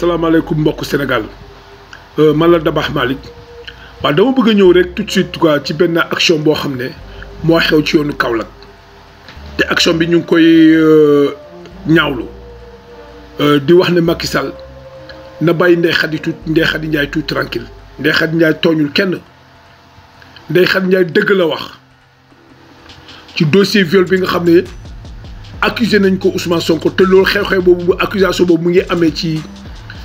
salaamaaleykum mbokk Sénégal euh, man la Dabakh Malick waaw dama bëgg a ñëw rek tout ci benn action boo xam ne moo xew ci yoonu Kaolack te action bi ñu ngi koy euh, ñaawlu euh, di wax ne Macky sal na bàyyi Ndeye Khady tout Ndeye Khady Ndiaye tout tranquille Ndeye Khady Ndiaye tooñul kenn Ndeye Khady Ndiaye dëgg la wax ci dossier viol bi nga xam ne accusé nañ ko Ousmane Sonko te loolu xew-xew boobu accusation boobu mu ngi amee ci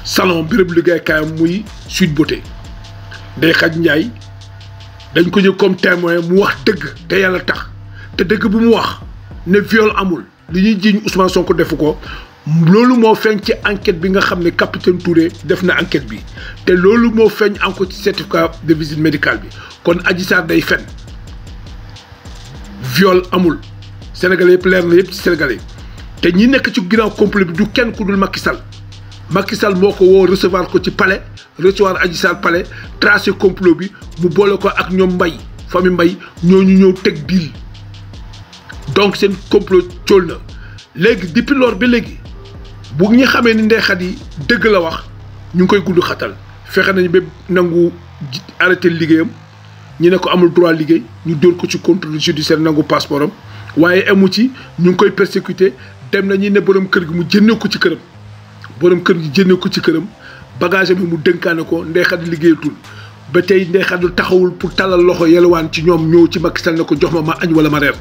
salon béréb liggéeykaayam muy Sweet Beauté Ndeye xaj Ndiaye dañ ko jël comme témoin mu wax dëgg te yàlla tax te dëgg bu mu wax ne viol amul li ñuy jiiñ Ousmane Sonko defu ko loolu moo feeñ ci enquête bi nga xam ne capitaine Touré def na enquête bi te loolu moo feeñ encore ci certificat de visite médicale bi kon Adji Sarr day fen viol amul sénégalais yëpp leer na yëpp ci sénégalais te ñi nekk ci ginnaaw complot bi du kenn ku dul Macky makisal Macky moo ko woo recevoir ko ci palais recevoir Adji Sarr palais tracé complot bi mu boole ko ak ñoom mbay famille mbay ñooñu ñëw teg diil donc seen complot cool na léegi depuis lors ba léegi bu ñu xamee ni ndeexat yi dëgg la wax ñu ngi koy gudd xatal fexe nañu ba nangu arrêté liggéeyam ñu ne ko amul droit liggéey ñu dóor ko ci contrôle judiciaire nangu passeport am waaye amu ci ñu ngi koy persécuté dem na ñi ne borom kër gi mu jëndee ko ci këram borom kër gi jëndee ko ci këram bagage bi mu dënkaane ko ndey xadi liggéeyatul ba tey ndey xadi taxawul pour talal loxo yelwaan ci ñoom ñëw ci Macky Sall ne ko jox ma ma añ wala ma reer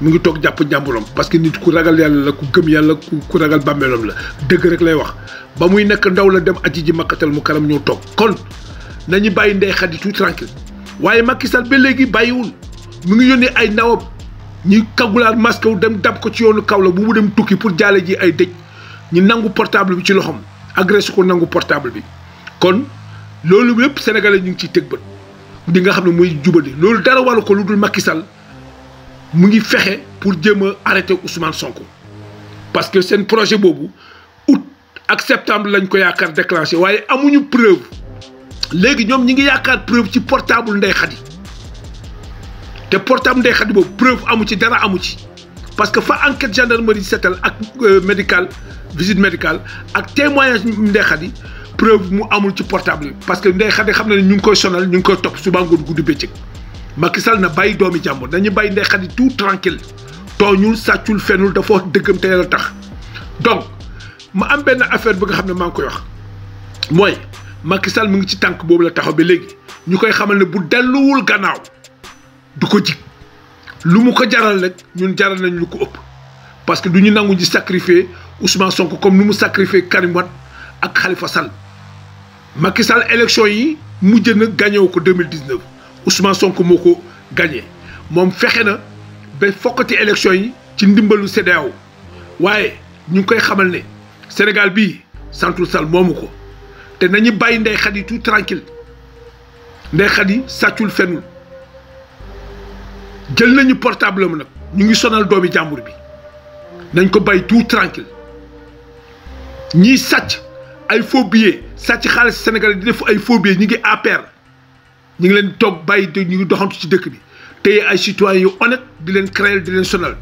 mu ngi toog jàpp njàmburam parce que nit ku ragal yàlla la ku gëm yàlla ku ku ragal bàmmeelam la dëgg rek lay wax ba muy nekk ndaw la dem aji ji makkatal mu karam ñëw toog kon nañu bàyyi ndey xadi tout tranquille waaye Macky Sall ba léegi bàyyiwul mu ngi yónnee ay nawam ñuy kagulaat masque wu dem dab ko ci yoonu kaw la bu mu dem tukki pour jaale ji ay dëj ñu nangu portable bi ci loxoom agressé ko nangu portable bi kon loolu yëpp sénégalais ñu ngi ciy teg bët di nga xam ne mooy jubadi loolu dara wàllu ko lu dul Macky Sall mu ngi fexe pour jéem a arrêté Ousmane Sonko parce que seen projet boobu août ak septembre lañ ko yaakaar déclenché waaye amuñu preuve léegi ñoom ñi ngi yaakaar preuve ci portable Ndeye Khady te portable Ndeye Khady boobu preuve amu ci dara amu ci parce que fa enquête gendarmerie setal ak euh, médical visite médicale ak témoignage Ndeye Khady preuve mu amul ci portable yi parce que Ndeye Khady xam na ne ñu ngi koy sonal ñu ngi koy topp suba ngoon guddi bëccëg Macky Sall na bàyyi doomi jàmbur nañu bàyyi Ndeye Khady tout tranquille tooñul sàccul fenul dafa wax dëggam te yàlla tax donc mu am benn affaire bi nga xam ne maa ngi koy wax Macky Sall mu ngi ci tànk boobu la taxaw bi léegi ñu koy xamal ne bu delluwul gannaaw du ko jig lu mu ko jaral nag ñun jaral nañ lu ko ëpp parce que du ñu nangu ji sacrifier Ousmane Sonko comme nu mu sacrifier Karim Wade ak Khalifa sal Macky Sall élection yi mujj na gagné wu ko 2019 Ousmane Sonko moo ko gagné moom fexe na ba fokkati élection yi ci ndimbalu CEDEAO waaye ñu ngi koy xamal ne Sénégal bi santul sal moomu ko. te nañu bàyyi Ndeye Khady tu tranquille Ndeye Khady sàccul fenul jël nañu portable am nag ñu ngi sonal doomi jàmbur bi nañ ko bàyyi tout tranquille ñi sàcc ay faux billets sàcc xaalis Sénégal di def ay faux billets ñu ngi APR ñu ngi leen toog bàyyi de ñu ngi doxantu ci dëkk bi tey ay citoyens yu honnête di leen créer di leen sonal